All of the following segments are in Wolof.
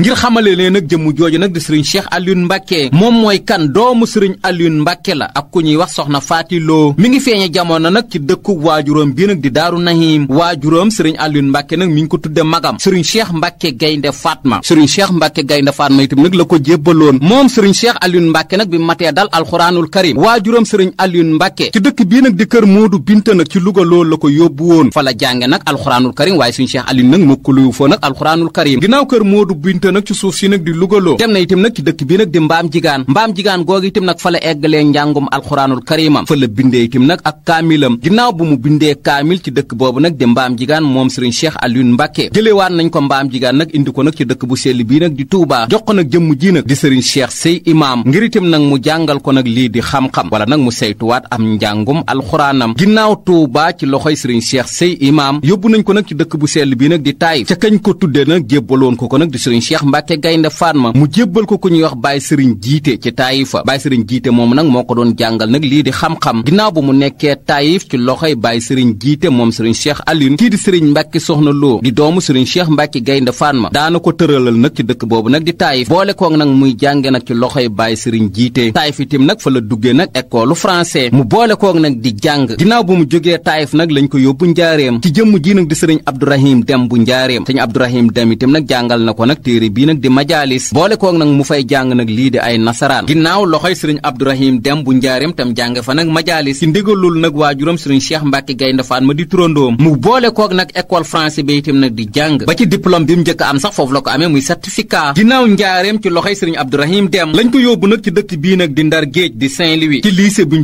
ngir xamale leen nag jëmm jooju nag di sëriñ Cheikh Alioune Mbacke moom mooy kan doomu sëriñ Alioune Mbacke la ak ku ñuy wax soxna Faati Lo ngi feeñe jamono nag ci dëkku waajuróom bii nag di Daaru Nahim waajuróom sëriñ Alioune Mbacke nag mi ngi ko tudde magam sëriñ Cheikh Mbacke Gaynde Fatma sëriñ Cheikh Mbacke Gaynde Fatma itam nag la ko jébbaloon moom sëriñ Cheikh Alioune mbàkke nag bi matee dal alxuraanul karim waajuróom sëriñ Alioune Mbacke ci dëkk bii nag di kër Moodu Binta nag ci Luga loolu la ko yóbbu woon fa la nag alxuraanul karim waaye sëriñ Cheikh Alioune nag mokkuluwu foo nag alxuraanul karim ginnaaw kër Moodu Binta diggante nag ci suuf si nag di lugaloo dem na itam nag ci dëkk bi nag di mbaam jigaan mbaam jigaan googu itam nag fa la eggalee njàngum alxuraanul karimam fa la bindee itam nag ak kaamilam ginnaaw bu mu bindee kaamil ci dëkk boobu nag di mbaam jigaan moom sëriñ Cheikh Alioune Mbacke jëlewaat nañ ko mbaam jigaan nag indi ko nag ci dëkk bu sell bii nag di Touba jox ko nag jëmm ji nag di sëriñ Cheikh Sey Imaam ngir itam nag mu jàngal ko nag lii di xam-xam wala nag mu saytuwaat am njàngum alxuraanam ginnaaw Touba ci loxoy sëriñ Cheikh Sey Imaam yóbbu nañ ko nag ci dëkk bu sell bii nag di Taïf ca kañ ko tuddee nag jébbaloon ko ko nag di sëriñ cheikh mbàkke gaynde faatma mu jébbal ko ku ñuy wax baay sëriñ jiite ci taayifa baay sëriñ jiite moom nag moo ko doon jàngal nag lii di xam-xam ginnaaw bu mu nekkee taayif ci loxoy baay sëriñ jiite moom sëriñ cheikh alioune kii di sëriñ mbàkke soxna loo di doomu sëriñ cheikh mbàkke gaynde faatma daana ko tëralal nag ci dëkk boobu nag di taayif boole koog nag muy jànge nag ci loxoy baay sëriñ jiite taayif itam nag fa la duggee nag école français mu boole koog nag di jàng ginnaaw bu mu jógee taayif nag lañ ko yóbbu njaareem ci jëmm ji nag di sëriñ abdourahim bu njaareem sëriñ abdourahim dem na ko téere bii nag di majaalis boole koog nag mu fay jàng nag lii di ay nasaraan ginnaaw loxoy sëriñ abdourahim dem bu njaareem tam jàng fa nag majaalis ci ndigalul nag waajuram sëriñ cheikh mbàkke gaynde faan ma di turandoom mu boole koog nag école français bi nag di jàng ba ci diplôme bi mu njëkk am sax foofu la ko amee muy certificat ginnaaw njaareem ci loxoy sëriñ abdourahim dem lañ ko yóbbu nag ci dëkk bii nag di ndar géej di saint louis ci lycée bi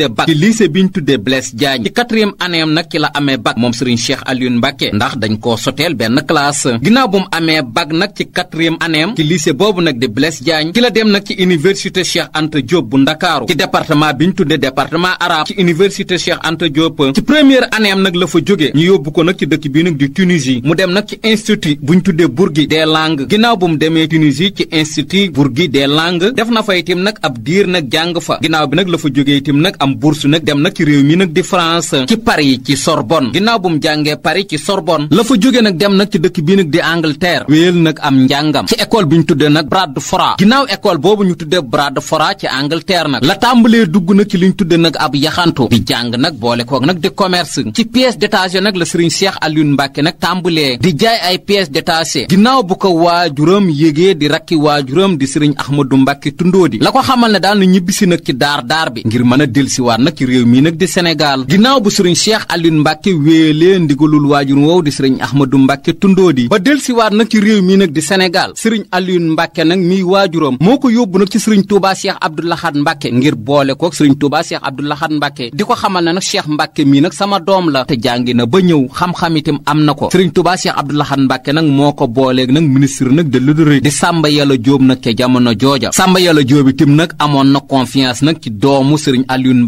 tuddee bac ci lycée bi ñu tuddee Blaise Diagne ci quatrième année am nag ci la amee bac moom Serigne Cheikh Alioune Mbacke ndax dañ koo soteel benn classe ginnaaw bu mu amee bac nag ci quatrième année am ci lycée boobu nag di Blaise Diagne ci la dem nag ci université Cheikh Anta Diop bu Ndakaaru ci département bi ñu tuddee département arabe ci université Cheikh Anta Diop ci première année nag la fa jógee ñu yóbbu ko nag ci dëkk bii nag di Tunisie mu dem nag ci institut bu ñu tuddee Bourgui des langues ginnaaw bu mu demee Tunisie ci institut Bourgui des langues def na fa itam nag ab diir nag jàng fa ginnaaw bi nag la fa jógee itam nag am am bourse nag dem nag ci réew mi nag di France ci Paris ci Sorbonne ginnaaw bu mu jàngee Paris ci Sorbonne la fa nag dem nag ci dëkk bii nag di Angleterre wéyal nag am njàngam ci école bi ñu tuddee nag Bradford ginnaaw école boobu ñu tuddee Bradford ci Angleterre nag la tàmbalee dugg nag ci li ñu tuddee nag ab yaxantu di jàng nag boole koog nag di commerce ci pièces détachées nag la Serigne Cheikh Alioune Mbacke nag tàmbalee di jaay ay pièces détachées ginnaaw di rakki waajuram ko xamal ne daal na ñibbisi nag ci daar daar bi ngir mën a delsi si waat nag ci réew mii nag di Sénégal ginnaaw bu sëriñ Cheikh Alioune Mbacke wéelee ndigalul waajur woow di sëriñ Ahmadou Mbacke Tundóodi ba del si waat nag ci réew mii nag di Sénégal sëriñ Alioune Mbacke nag miy waajuram moo ko yóbbu nag ci sëriñ Touba Cheikh Abdou Lahad Mbacke ngir boole kook sëriñ Touba Cheikh Abdou Lahad Mbacke di ko xamal ne nag Cheikh Mbacke mii nag sama doom la te jàngi na ba ñëw xam-xam itam am na ko sëriñ Touba Cheikh Abdou Lahad Mbacke nag moo ko booleeg nag ministre nag de l'Udure di Samba Yàlla Jóob nag jamono jooja Samba Yàlla Jóob nag amoon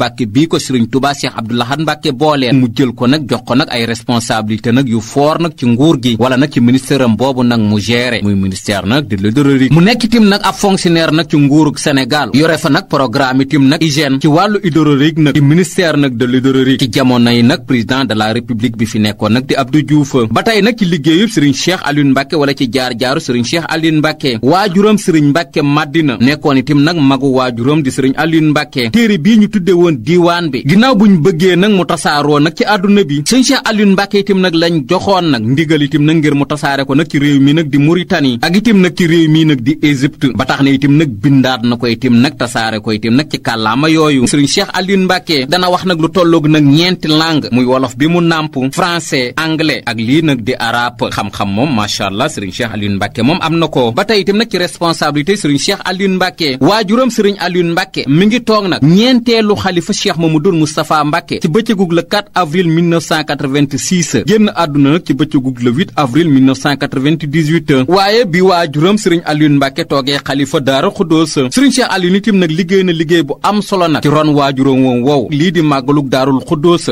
Mbàkke bii ko Sëriñ Tuubaa Cheikh Abdou Lahad Mbàkke mu jël ko nag jox ko nag ay responsabilité nag yu foor nag ci nguur gi wala nag ci ministère am boobu nag mu géré muy ministère nag de l'hydraulique mu nekk tim nag ab fonctionnaire nag ci nguurug Sénégal yore fa nag programme tim nag hygiène ci wàllu hydraulique nag ci ministère nag de l'hydraulique ci jamono yi nag président de la république bi fi nekkoon nag di Abdou Diouf ba tey nag ci liggéeyub Sëriñ Cheikh Aliou Mbàkke wala ci jaar-jaaru Sëriñ Cheikh Aliou Mbàkke waajuram Sëriñ Mbàkke Madina nekkoon itim nag magu waajuram di Sëriñ Aliou Mbàkke téere bii ñu tudde woon diiwaan bi ginnaaw buñ bëggee nag mu tasaaroo nag ci àdduna bi sëñ Cheikh Alioune Mbacke itam nag lañ joxoon nag ndigal itam nag ngir mu tasaare ko nag ci réew mi nag di Mauritanie ak itam nag ci réew mi nag di Égypte ba na itam nag bindaat na ko itam nag tasaare ko itam nag ci kàllaama yooyu sëriñ Cheikh Alioune Mbacke dana wax nag lu tolloog nag ñeenti langue muy wolof bi mu nàmp français anglais ak lii nag di arabe xam-xam moom macha allah sëriñ Cheikh Alioune Mbacke moom am na ko ba tey itam nag ci responsabilité sëriñ xalifa cheikh mamadul moustapha mbàkke ci bëccëgug le 4 avril 1986 génn àdduna nag ci bëccëgug le 8 sëriñ Alioune Mbàkke liggéey na liggéey bu am solo nag ci ron waajuram woon wow lii di màggalug daarul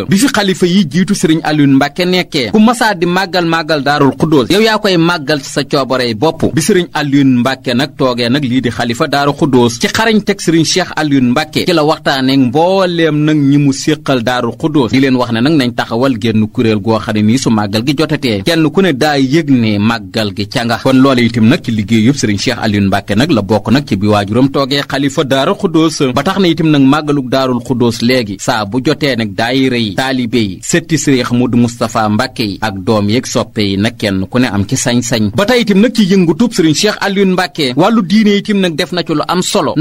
bi fi xalifa yi jiitu sëriñ Alioune Mbàkke nekkee ku masaa di màggal-màggal daarul xudóos yow yaa koy màggal ci sa coobarey bopp bi sëriñ Alioune Mbàkke nag toogee nag lii di xalifa daaru xudóos ci xarañ teg sëriñ cheikh Alioune Mbàkke ci la waxtaanee mboo mbooleem nag ñi mu séqal daaru xudóos di leen wax ne nag nañ taxawal génn kuréel goo xam ne nii su màggal gi jotatee kenn ku ne daa yëg ne màggal gi ca nga kon loolu itam nag ci liggéey yëpp sëriñ Cheikh Aliou Mbacke nag la bokk nag ci bi waajuram toogee xalifa daaru xudóos ba tax na itam nag màggaluk daarul xudóos léegi saa bu jotee nag daayira yi taalibe yi sëtti sëriñ Modou Moustapha Mbacke yi ak doom yeeg soppe yi nag kenn ku ne am ci sañ-sañ ba tey itam nag ci yëngutub sëriñ Cheikh Aliou Mbacke wàllu diine itam nag def na ci lu am solo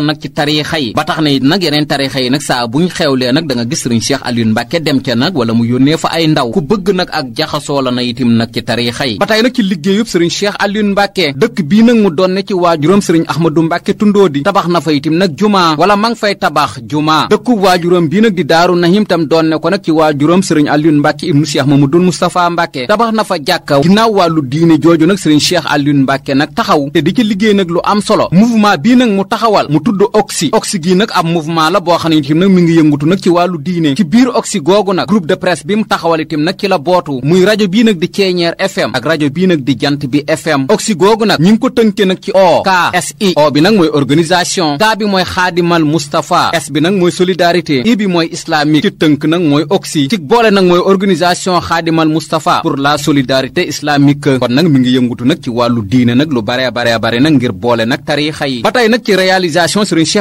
ndax tariixa yi ba tax na it nag yeneen tariixa yi nag saa buñ xewlee nag da nga gis sëriñ Cheikh Aliou Mbacke dem ca nag wala mu yónnee fa ay ndaw ku bëgg nag ak jaxasoo na itim nag ci tariixa yi ba tey nag ci liggéeyub sëriñ Cheikh Aliou Mbacke dëkk bii nag mu doon ci waajuram sëriñ Ahmadou Mbacke tundoo di tabax na fa itim nag jumaa wala ma fay tabax jumaa dëkkub waajuram bii nag di daaru nahim tam doon ne ko nag ci waajuram sëriñ Aliou Mbacke ibnu Cheikh Mamadou Moustapha Mbacke tabax na fa jàkka ginnaaw wàllu diine jooju nag sëriñ Cheikh Aliou Mbacke nag taxaw te di ci liggéey nag lu am solo mouvement bii oxy oxy gii nag ab mouvement la boo xam ne nag mi ngi yëngutu nag ci wàllu diine ci biir oxy googu nag groupe de presse bi mu taxawal itam nag ci la bootu muy rajo bii nag di Ceeñeer FM ak rajo bii nag di Jant bi FM oxy googu nag ñi ngi ko tënke nag ci O K S I O bi nag mooy organisation K bi mooy xaadimal Moustapha S bi nag mooy solidarité I mooy islamique ci tënk nag mooy oxy ci boole nag mooy organisation xaadimal Moustapha pour la solidarité islamique kon nag mi ngi yëngutu nag ci wàllu diine nag lu bare bare bare nag ngir boole nag tariixa yi ba tey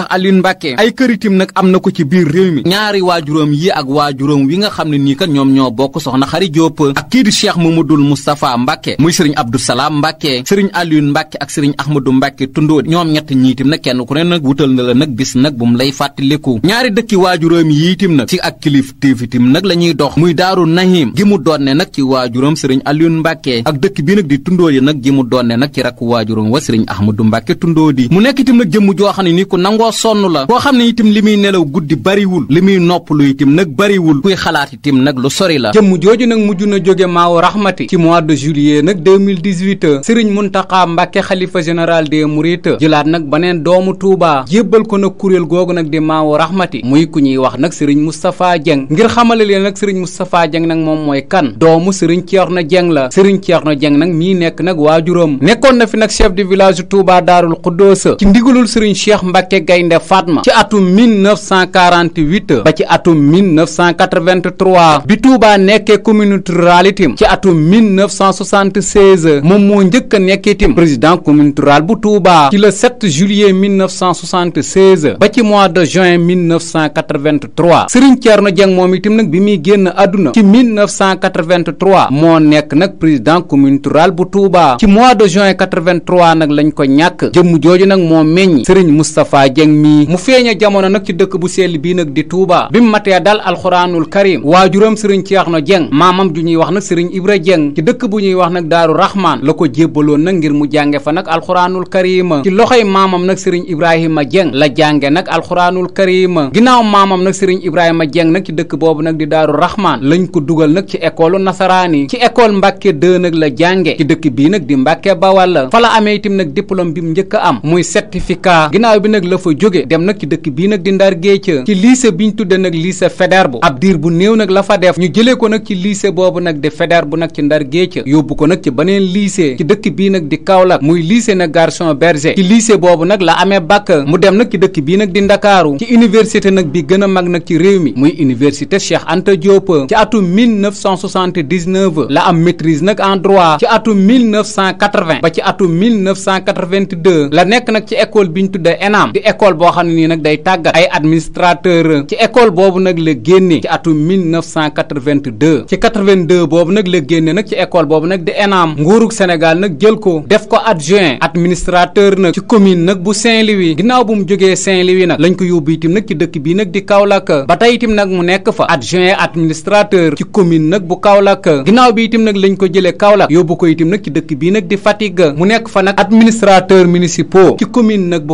Alioune Mbacke ay kër nag am na ko ci biir réew mi ñaari waajuram yi ak waajuram wi nga xam ne nii kat ñoom ñoo bokk soxna Xari Diop ak kii di Cheikh Mamadou Moustapha Mbacke muy sëriñ Abdou Salam Mbacke sëriñ Alioune Mbacke ak sëriñ Ahmadou Mbacke tundoo ñoom ñett ñi itam nag kenn ku ne nag wutal na la nag bis nag bu mu lay fàttaliku ñaari dëkki waajuróom yi yiitim nag ci ak kilifteef itam nag la ñuy dox muy Daaru Nahim gi mu doonne nag ci waajuróom sëriñ Alioune Mbacke ak dëkk bi nag di Tundóodi nag gi mu doonne nag ci rakk waajuróom wa sëriñ Ahmadou Mbacke Tundóodi mu nekk itam jëmm joo xam ne ni ku nangoo sonn la koo xam ne itam li muy nelaw guddi bariwul li muy noppalu itam nag bariwul kuy xalaat itam nag lu sori la jëmm jooju nag mujj na jóge maaw raxmati ci mois de juillet nag 2018 sëriñ Muntaxa Mbàkke xalifa général des Mourides jëlaat nag baneen doomu Touba jébbal ko nag kuréel googu nag di maaw raxmati muy ku ñuy wax nag sëriñ Moustapha Dieng ngir xamale leen nag sëriñ Moustapha Dieng nag moom mooy kan doomu sëriñ Ceerno Dieng la sëriñ Ceerno Dieng nag mii nekk nag waa juróom nekkoon na fi nag chef de village Touba Daarul Xuddoos ci ndigalul sëriñ Cheikh Mbàkke Gaynde Fatma ci atum 1948 ba ci atum 1983 bi Touba nekkee commune rurale itam ci atum 1976 moom moo njëkk a nekk itam président commune bu Touba ci le 7 juillet 1976 ba ci mois de juin 1983 Serigne Thierno Dieng moom itam nag bi muy génn àdduna ci 1983 moo nekk nag président commune rurale bu Touba ci mois de juin 83 nag lañ ko ñàkk jëmm jooju nag moo meññ Serigne Moustapha Dieng. mii mu feeña jamono nag ci dëkk bu sell bii nag di Touba bi mu matee dal alxuraanul karim waajuram sëriñ Ceerno Jeng maamam ju ñuy wax nag sëriñ Ibra Jeng ci dëkk bu ñuy wax nag Daaru Raxmaan la ko jébbaloon nag ngir mu jànge fa nag alxuraanul karima ci loxoy maamam nag sëriñ Ibrahima Jeng la jànge nag alxuraanul karima ginnaaw maamam nag sëriñ Ibrahima Jeng nag ci dëkk boobu nag di Daaru Raxmaan lañ ko dugal nag ci école nasaraani ci école Mbàkke 2 nag la jànge ci dëkk bii nag di Mbàkke Bawal la fa la amee itam nag diplôme bi mu njëkk am muy certificat ginnaaw bi nag la fa jóge dem nag ci dëkk bii nag di Ndar Géej ci lycée bi ñu tudde nag lycée Faidherbe ab diir bu néew nag la fa def ñu jëlee ko nag ci lycée boobu nag di bu nag ci Ndar Géej yóbbu ko nag ci beneen lycée ci dëkk bii nag di Kaolack muy lycée nag Gaston Berger ci lycée boobu nag la amee bac mu dem nag ci dëkk bii nag di Ndakaaru ci université nag bi gën a mag nag ci réew mi muy université Cheikh Anta Diop ci atum 1979 la am maîtrise nag en droit ci atum 1980 ba ci atum 1982 la nekk nag ci école bi ñu tudde ENAM école boo xam ne nii nag day tàggat ay administrateur ci école boobu nag la génne ci atum 1982 ci 82 boobu nag la génne nag ci école boobu nag di ENAM nguurug Sénégal nag jël ko def ko adjoint administrateur nag ci commune nag bu Saint-Louis ginnaaw bu mu jógee Saint-Louis nag lañ ko yóbbu itam nag ci dëkk bii nag di Kaolack ba tey itam nag mu nekk fa adjoint administrateur ci commune nag bu Kaolack ginnaaw bi itam nag lañ ko jëlee Kaolack yóbbu ko itam nag ci dëkk bii nag di Fatick mu nekk fa nag administrateur municipal ci commune nag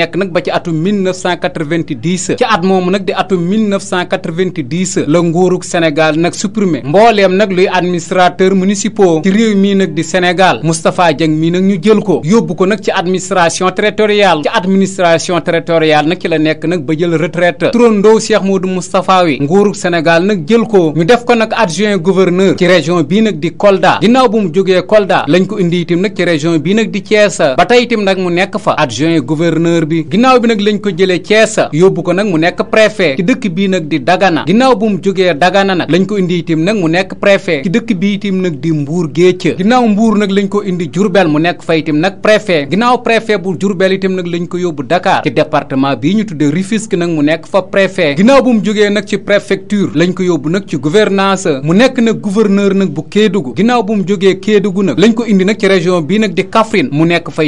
nekk nag ba ci atum 1990 ci at moomu nag di atum 1990 la nguurug Sénégal nag supprimé mbooleem nag luy administrateur municipaux ci réew mii nag di Sénégal Moustapha Dieng mii nag ñu jël ko yóbbu ko nag ci administration territoriale ci administration territoriale nag ci la nekk nag ba jël retraite turandoo moo Modou Moustapha wi nguurug Sénégal nag jël ko ñu def ko nag adjoint gouverneur ci région bii nag di Kolda ginnaaw bu mu jógee Kolda lañ ko indi itam nag ci région bii nag di Thiès ba tey itam nag mu nekk fa adjoint gouverneur bi ginnaaw bi nag lañ ko jëlee Ceesa yóbbu ko nag mu nekk préfet ci dëkk bii nag di Dagana ginnaaw bu mu jógee Dagana nag lañ ko indi itim nag mu nekk préfet ci dëkk bii itim nag di Mbuur Géeca ginnaaw Mbuur nag lañ ko indi Jurbel mu nekk fa itim nag préfet ginnaaw préfet bu Jurbel itim nag lañ ko yóbbu Dakar ci département bii ñu tuddee Rufisque nag mu nekk fa préfet ginnaaw bu mu jógee nag ci préfecture lañ ko yóbbu nag ci gouvernance mu nekk nag gouverneur nag bu Kédougou ginnaaw bu mu jógee Kédougou nag lañ indi nag ci région bii nag di Kaffrine mu nekk fa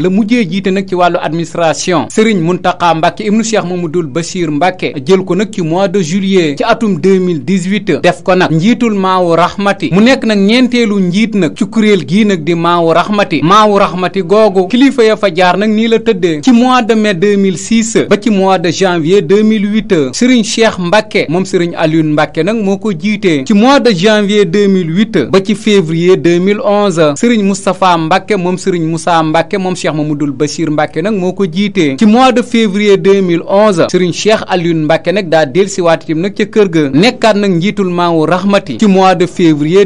la mujjee jiite nag ci wàllu administration Serigne Mountakha Mbacke ibnu Cheikh Mamadou Bachir Mbacke jël ko nag ci mois de juillet ci atum 2018 def ko nag njiitul maawu raxmati mu nekk nag ñeenteelu njiit nag ci kuréel gii nag di maawu raxmati maawu raxmati googu kilifa ya fa jaar nag nii la tëddee ci mois de mai 2006 ba ci mois de janvier 2008 Serigne Cheikh Mbacke moom Serigne Alioune Mbacke nag moo ko jiitee ci mois de janvier 2008 ba ci février 2011 Serigne Moustapha Mbacke moom Serigne Moussa Mbacke moom Cheikh Mamadou Bachir Mbacke nag moo ko jiitee ci mois de février 2011 Serigne Cheikh Alioune Mbacke nag daa dellusiwaat itam nag ca kër ga nekkaat nag njiitul maawu rahmati ci mois de février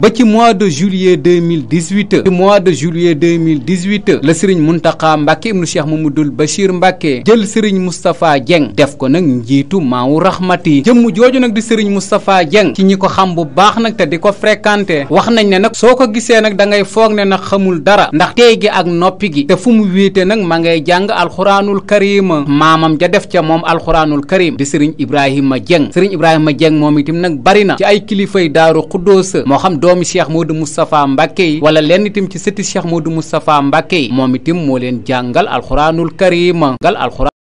ba ci mois de juillet 2018 ci mois de juillet 2018 la Serigne Mountakha Mbacke ibnu Cheikh Mamadou Bachir Mbacke jël Serigne Moustapha Dieng def ko nag njiitu maawu rahmati jëmm jooju nag di Serigne Moustapha Dieng ci ñi ko xam bu baax nag te di ko fréquenté wax nañ ne nag soo ko gisee nag da foog ne nag xamul dara ndax tey gi ak noppi gi te fu mu wéete nag ma ngay jàng alxuraanul karima maamam ja def ca moom alxuraanul karim di sëriñ ibrahima jenn sëriñ ibrahima jeng moom itam nag bari na ci ay kilifay daaru xuddoosa moo xam doomi cheikh mu moustapha mbàkke yi wala lenn itam ci sëti cheikh moodu moustapha mbàkke yi moom itam moo leen jàngal alxuraanul karima gal alxuraan